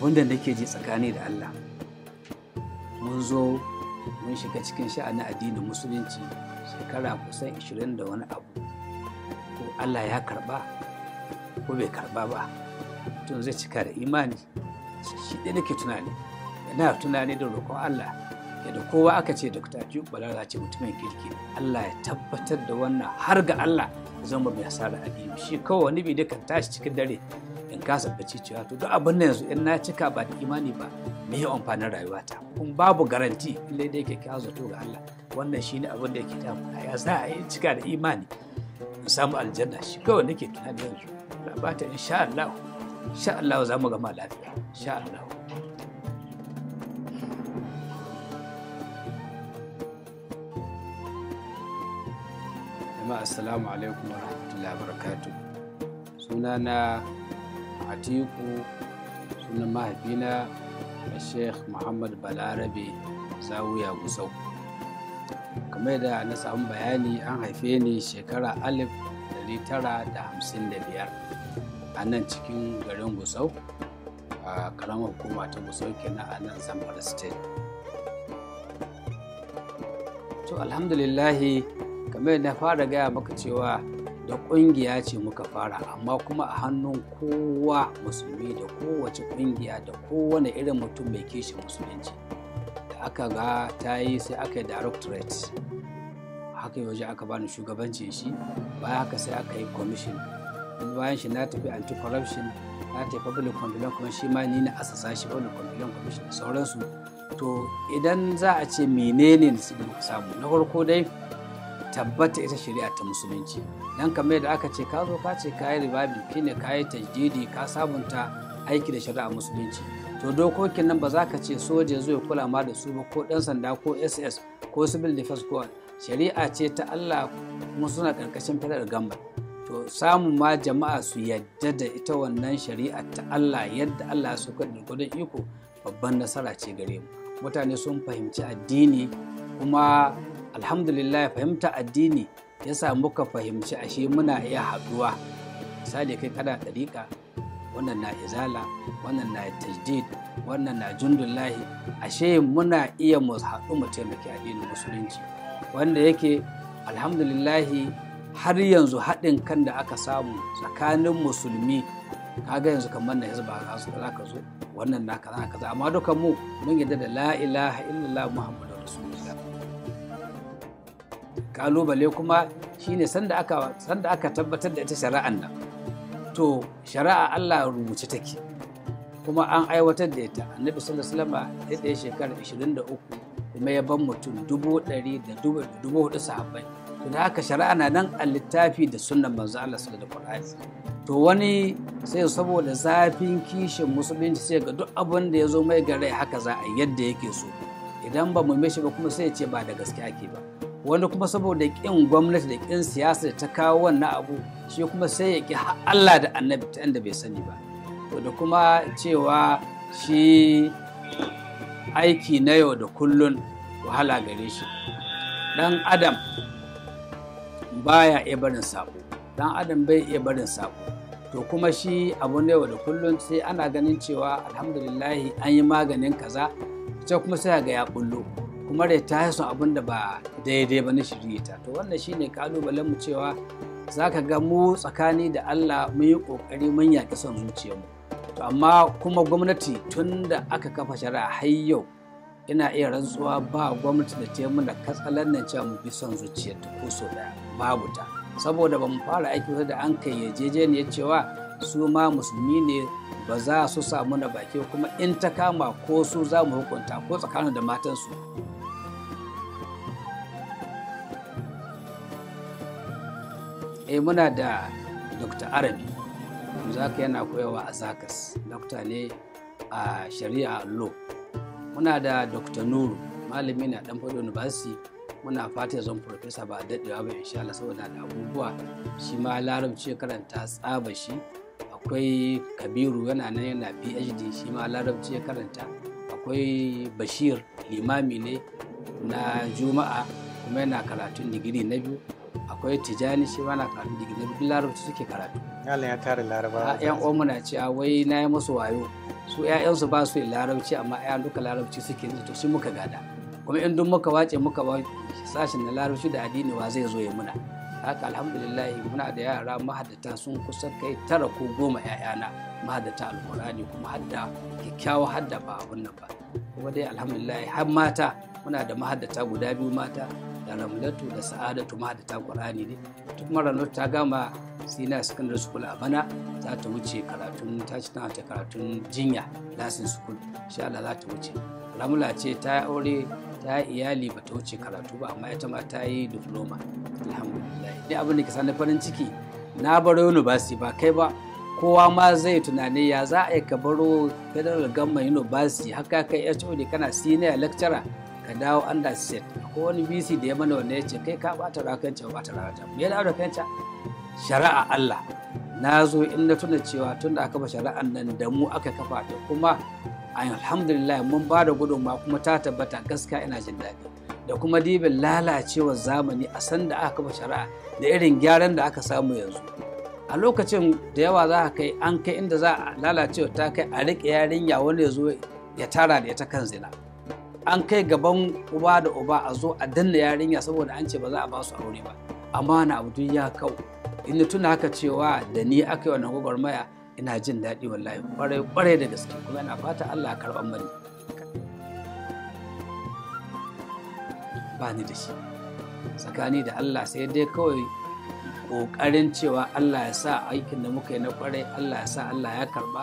abinda nake ji tsakani da Allah mun zo mun shiga cikin sha'anin addinin musulunci shekara kusan 20 da wani abu ko Allah ya karba ko bai karba ba tun zai cika da imani shi ɗaya nake tunani yana tunani da roƙon Allah da kowa aka ce da kutaci balala ce mutumin kirki Allah ya tabbatar da wannan har ga Allah zama mai hasara biyu shi kawai wani bai da kan tashi cikin dare in kasa bacci cewa to duk abin nan yanzu in na cika ba da imani ba me ya amfanin rayuwata kun babu garanti illai da yake kyawa zato ga Allah wannan shine abin da yake mu ya za a yi cika da imani in samu aljanna shi kawai nake tunani yanzu ta insha Allah insha Allah za mu gama lafiya insha Allah assalamu alaikum wa rahmatullahi wa barakatuh sunana atiku sunan mahaifina a sheikh muhammad balarabe zawiya gusau kamar da na samu bayani an haife ni shekara alif tara da hamsin da biyar a nan cikin garin gusau a karamar hukuma ta gusau kenan a nan zamfara state to alhamdulillahi kamar na fara gaya maka cewa da kungiya ce muka fara amma kuma a hannun kowa musulmi da kowace kungiya da kowane irin mutum mai kishin musulunci da aka ga ta yi sai aka yi directorate haka yaushe aka bani shugabancin shi bayan haka sai aka yi commission bayan shi na tafi anti-corruption na tafi public complaint kuma shi ma ni na asasa shi public complaint commission sauransu to idan za a ce menene ne su samu na farko dai tabbata ita shari'a ta musulunci Don kamar da aka ce ka zo ka ce ka yi ribabi kine ka yi tajdidi ka sabunta aiki da shari'a musulunci to dokokin nan ba za ka ce soja zo ya kula ma da su ba ko dan sanda ko ss ko civil defense ko shari'a ce ta Allah kuma suna karkashin fadar gamba. to samun ma jama'a su yadda da ita wannan shari'a ta Allah yadda Allah ya saukar da iko babban nasara ce gare mu mutane sun fahimci addini kuma alhamdulillah fahimta addini ya sa muka fahimci ashe muna iya haɗuwa misali kai kana dariƙa wannan na izala wannan na tajdid wannan na jundullahi ashe muna iya mu haɗu mu taimaki addinin musulunci wanda yake alhamdulillahi har yanzu haɗin kan da aka samu tsakanin musulmi kaga yanzu kamar na hizba za za ka zo wannan na kaza kaza amma dukan mu mun yadda da la ilaha illallah muhammadu rasulullah kalubale kuma shine sanda aka sanda aka tabbatar da ita shari'an nan to shari'a Allah rubuce take kuma an aiwatar da ita annabi sallallahu alaihi wasallam ya tsaye shekara 23 kuma ya ban mutum dubu ɗari da dubu hudu sahabbai to da haka shari'a na nan a littafi da sunnan manzo Allah sallallahu alaihi to wani sai saboda zafin kishin musulunci sai ga duk abin da ya zo mai gare haka za a yadda yake so idan ba mu mishi ba kuma sai ya ce ba da gaske ake ba wani kuma saboda ƙin gwamnati da ƙin siyasa da ta kawo wannan abu shi kuma sai ya ƙi Allah da annabi ta inda bai sani ba da kuma cewa shi aiki na yau da kullun wahala gare shi ɗan adam baya iya barin sako ɗan adam bai iya barin sako to kuma shi abu na yau da kullun sai ana ganin cewa alhamdulillahi an yi maganin kaza sai kuma sai ga ya bullo kuma da ta yi abin da ba daidai ba na shirye ta to wannan shine kalubalen mu cewa za ka ga mu tsakani da Allah mun yi ƙoƙari mun yaƙi son zuciyarmu to amma kuma gwamnati tun da aka kafa shari'a har yau ina iya rantsuwa ba gwamnati da ta mun da katsalan nan cewa mu bi son zuciyar ta ko so da babu ta saboda ba mu fara aiki da an kai yarjejeniyar cewa su ma musulmi ne ba za su samu na baki kuma in ta kama ko su za mu hukunta ko tsakanin da matansu eh muna da dr arabi zaka yana koyawa a zakas dokta ne a shari'a law muna da dr nuru malami na dan fado university muna fata zan profesa ba daɗewa ba insha Allah saboda da abubuwa shi ma larabci karanta tsaba shi akwai kabiru yana nan yana phd shi ma larabci karanta akwai bashir limami ne na juma'a kuma yana karatun digiri na biyu akwai tijani shi mana karin na larabci suke karatu yalin ya tare laraba yan omu na a wai na yi musu wayo su ƴaƴansu ba su larabci amma ƴaƴan duka larabci suke yi to shi muka gada kuma in duk muka wace muka ba sashen na larabci da addini wa zai zo ya muna haka alhamdulillah muna da yara mahaddata sun kusa kai tara ko goma ƴaƴana mahaddata alkur'ani kuma hadda kyakkyawa hadda ba abun ba kuma dai alhamdulillah har mata muna da mahaddata guda biyu mata da ramlatu da sa'adatu ma da ta qur'ani ne duk mara ramlatu ta gama sina secondary school a bana za ta wuce karatun ta ci tana ta karatun jinya lasin school insha Allah za ta wuce ramula ce ta aure ta iyali ba ta wuce karatu ba amma ita ma ta yi diploma alhamdulillah ni abin da ke sanar farin ciki na baro university ba kai ba kowa ma zai tunani ya za a yi ka baro federal government university haka kai ce kana senior lecturer ka dawo under set ko wani bc da ya mana wanda ya ce kai ka bata rakanci ba bata rakanta me yana da kanta shari'a Allah na zo in na tuna cewa tun da aka ba shari'an nan da mu aka kafa ta kuma alhamdulillah mun ba da gudunma kuma ta tabbata gaskiya ina jin daɗi da kuma dibin lalacewar zamani a san da aka ba shari'a da irin gyaran da aka samu yanzu a lokacin da yawa za a kai an kai inda za a lalacewa ta kai a riƙe yarinya wani ya zo ya tara da ya ta kan zina an kai gaban uba da uba a zo a danna yarinya saboda an ce ba za a ba su aure ba amma na abu duk ya kau ina tuna haka cewa da ni aka yi wannan gwagwarmaya ina jin daɗi wallahi ƙwarai Ƙwarai da gaske kuma ina fata Allah karɓar mani ba ni da shi tsakani da Allah sai dai kawai ƙoƙarin cewa Allah ya sa aikin da muka yi na ƙwarai, Allah ya sa Allah ya karɓa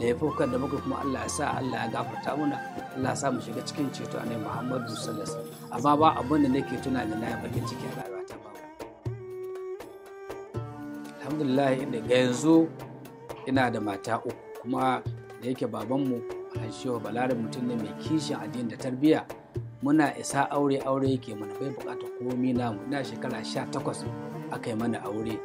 laifukan da muka kuma Allah ya sa Allah ya gafarta muna Allah sa mu shiga cikin ceto a nai Muhammadu sallallahu amma ba abin da nake tuna da na bakin ciki rayuwa ta ba alhamdulillah daga yanzu ina da mata uku kuma da yake baban babanmu Alhaji Balare mutum ne mai kishin addini da tarbiyya muna isa aure aure yake mana bai bukata komi mu ina shekara 18 aka mana aure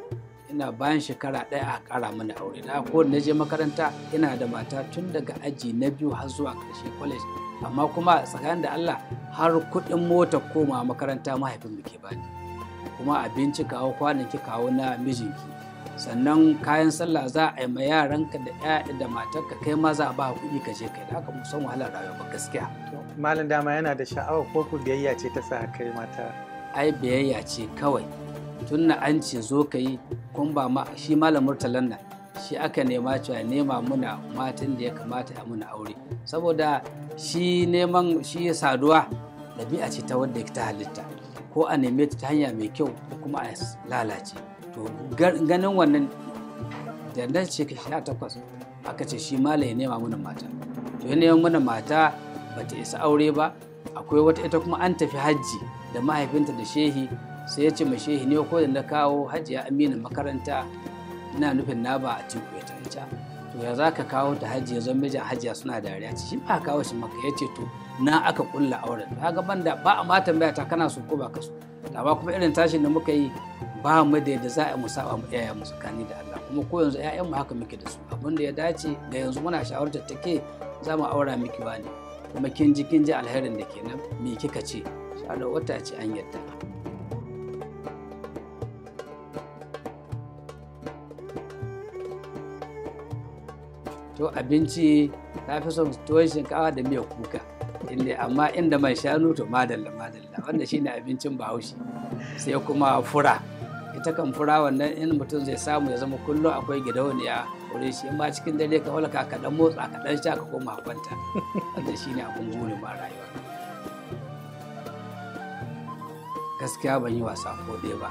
ina bayan shekara ɗaya a ƙara mana aure na ko na je makaranta ina da mata tun daga aji na biyu har zuwa ƙarshe college amma kuma tsakanin da Allah har kuɗin mota koma makaranta mahaifin mu ke bani kuma abinci kawo kwanaki kawo na mijinki sannan kayan sallah za a yi ma yaranka da ƴaƴa da matarka kai ma za a ba kuɗi ka je kai da haka musan san wahalar rayuwa ba gaskiya malam dama yana da sha'awa ko ku biyayya ce ta sa kai mata ai biyayya ce kawai tunna an ce zo ka yi kun ba shi malam murtalan nan shi aka nema cewa nema muna matan da ya kamata a muna aure saboda shi neman shi saduwa ɗabi'a ce ta wadda ta halitta ko a neme ta hanya mai kyau ko kuma a lalace to ganin wannan da na ce ka sha takwas aka ce shi mala ya nema muna mata to ya nema muna mata bata isa aure ba akwai wata ita kuma an tafi hajji da mahaifinta da shehi sai ya ce mashehi ne ko da na kawo hajiya aminu makaranta ina nufin na ba a cikin ya to ya za ka kawo ta hajiya zan mijin hajiya suna dariya ce shi ba kawo shi maka ya ce to na aka kulla auren ga banda ba a ma tambaya ta kana so ko ba ka so amma kuma irin tashin da muka yi ba mu da yadda za a mu saba mu iyayen mu tsakani da Allah kuma ko yanzu ƴaƴan mu haka muke da su abin da ya dace ga yanzu muna shawartar take za mu aura miki ba ne kuma kin ji kin ji alherin da kenan me kika ce sha wata ce an yadda to abinci ta fi son tuwon shinkawa da miyar kuka inda amma inda mai shanu to madalla madalla wanda shine abincin bahaushe sai kuma fura ita kan fura wannan in mutum zai samu ya zama kullum akwai gidauniya wurin shi in ma cikin dare ka wala ka dan motsa ka dan sha ka koma kwanta wanda shine abun burin ma rayuwa gaskiya ban yi wasa ko dai ba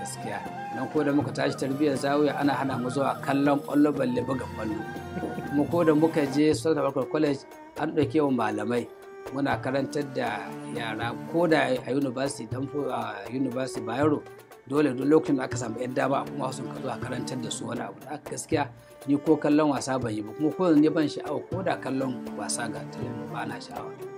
gaskiya don ko da muka tashi tarbiyyar zawiya ana hana mu zuwa kallon kwallo balle buga kwallo kuma ko da muka je sultan barkar college an ɗauke wa malamai muna karantar da yara ko da a university dan a university bayero dole duk lokacin da aka samu yan dama kuma sun ka zuwa karantar da su wani abu da aka gaskiya ni ko kallon wasa ban yi ba kuma ko ne ban sha'awa ko da kallon wasa ga talabijin ba na sha'awa